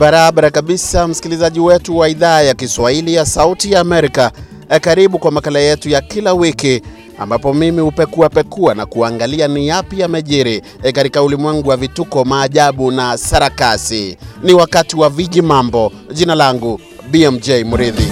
Barabara kabisa, msikilizaji wetu wa idhaa ya Kiswahili ya Sauti ya Amerika. E, karibu kwa makala yetu ya kila wiki ambapo mimi hupekuapekua na kuangalia ni yapi yamejiri e katika ulimwengu wa vituko, maajabu na sarakasi. Ni wakati wa viji mambo. Jina langu BMJ Muridhi.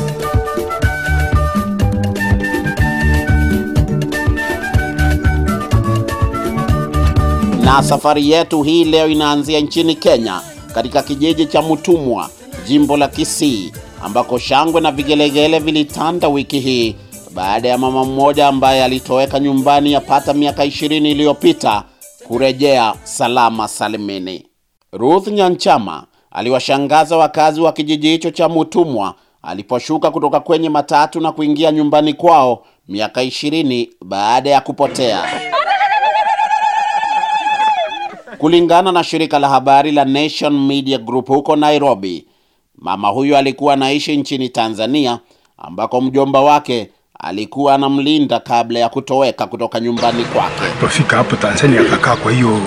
Na safari yetu hii leo inaanzia nchini Kenya katika kijiji cha Mutumwa, jimbo la Kisii, ambako shangwe na vigelegele vilitanda wiki hii baada ya mama mmoja ambaye alitoweka nyumbani yapata miaka ishirini iliyopita kurejea salama salimini. Ruth Nyanchama aliwashangaza wakazi wa kijiji hicho cha Mutumwa aliposhuka kutoka kwenye matatu na kuingia nyumbani kwao miaka ishirini baada ya kupotea. Kulingana na shirika la habari la Nation Media Group huko Nairobi, mama huyu alikuwa anaishi nchini Tanzania ambako mjomba wake alikuwa anamlinda kabla ya kutoweka kutoka nyumbani kwake. Tofika hapo Tanzania akakaa, kwa hiyo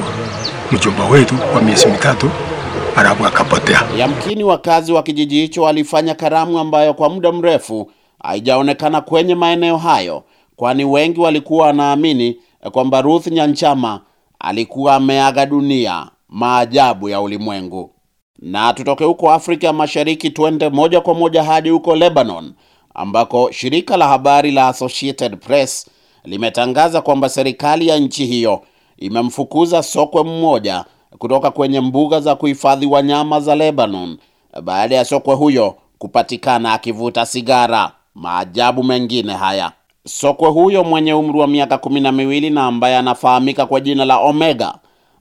mjomba wetu kwa miezi mitatu halafu akapotea. Yamkini wakazi wa kijiji hicho walifanya karamu ambayo kwa muda mrefu haijaonekana kwenye maeneo hayo, kwani wengi walikuwa wanaamini kwamba Ruth Nyanchama alikuwa ameaga dunia. Maajabu ya ulimwengu. Na tutoke huko Afrika Mashariki twende moja kwa moja hadi huko Lebanon ambako shirika la habari la Associated Press limetangaza kwamba serikali ya nchi hiyo imemfukuza sokwe mmoja kutoka kwenye mbuga za kuhifadhi wanyama za Lebanon baada ya sokwe huyo kupatikana akivuta sigara. Maajabu mengine haya. Sokwe huyo mwenye umri wa miaka kumi na miwili na ambaye anafahamika kwa jina la Omega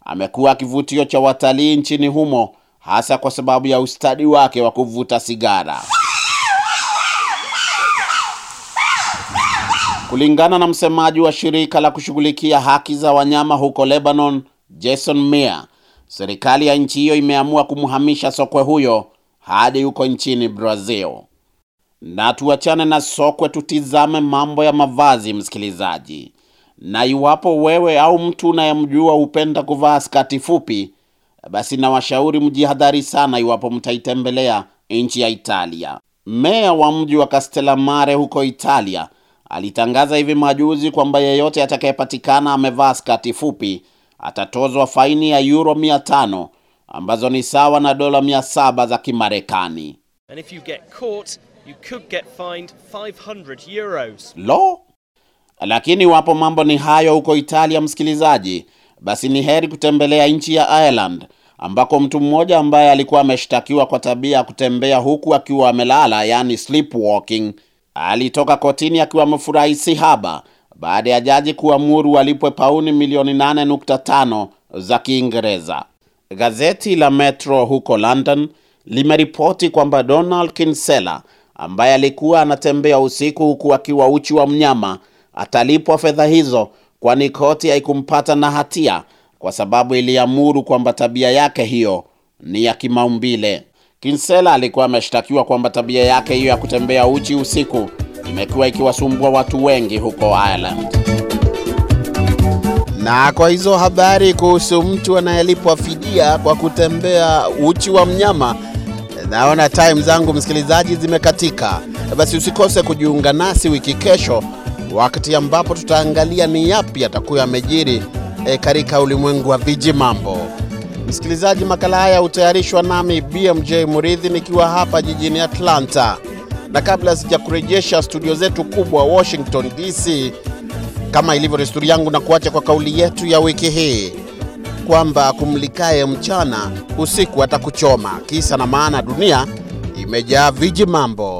amekuwa kivutio cha watalii nchini humo hasa kwa sababu ya ustadi wake wa kuvuta sigara. Kulingana na msemaji wa shirika la kushughulikia haki za wanyama huko Lebanon, Jason Meyer, serikali ya nchi hiyo imeamua kumhamisha sokwe huyo hadi huko nchini Brazil. Na tuachane na sokwe, tutizame mambo ya mavazi, msikilizaji. Na iwapo wewe au mtu unayemjua hupenda kuvaa skati fupi, basi nawashauri mjihadhari sana iwapo mtaitembelea nchi ya Italia. Meya wa mji wa Castellammare huko Italia alitangaza hivi majuzi kwamba yeyote atakayepatikana amevaa skati fupi atatozwa faini ya euro 5 ambazo ni sawa na dola 7 za Kimarekani. And if you get caught, You could get fined 500 euros. Lo, lakini wapo mambo ni hayo huko Italia, msikilizaji, basi ni heri kutembelea nchi ya Ireland ambako mtu mmoja ambaye alikuwa ameshtakiwa kwa tabia ya kutembea huku akiwa amelala, yani sleepwalking, alitoka kotini akiwa amefurahi si haba baada ya jaji kuamuru alipwe pauni milioni 8.5 za Kiingereza. Gazeti la Metro huko London limeripoti kwamba Donald Kinsella ambaye alikuwa anatembea usiku huku akiwa uchi wa mnyama atalipwa fedha hizo, kwani koti haikumpata na hatia kwa sababu iliamuru kwamba tabia yake hiyo ni ya kimaumbile. kinsela alikuwa ameshtakiwa kwamba tabia yake hiyo ya kutembea uchi usiku imekuwa ikiwasumbua watu wengi huko Ireland. Na kwa hizo habari kuhusu mtu anayelipwa fidia kwa kutembea uchi wa mnyama Naona time zangu msikilizaji zimekatika. Basi usikose kujiunga nasi wiki kesho, wakati ambapo tutaangalia ni yapi atakuwa amejiri e, eh, katika ulimwengu wa viji mambo. Msikilizaji, makala haya hutayarishwa nami BMJ Muridhi nikiwa hapa jijini Atlanta, na kabla sijakurejesha studio zetu kubwa Washington DC, kama ilivyo desturi yangu, na kuacha kwa kauli yetu ya wiki hii kwamba kumlikaye mchana usiku atakuchoma. Kisa na maana, dunia imejaa viji mambo.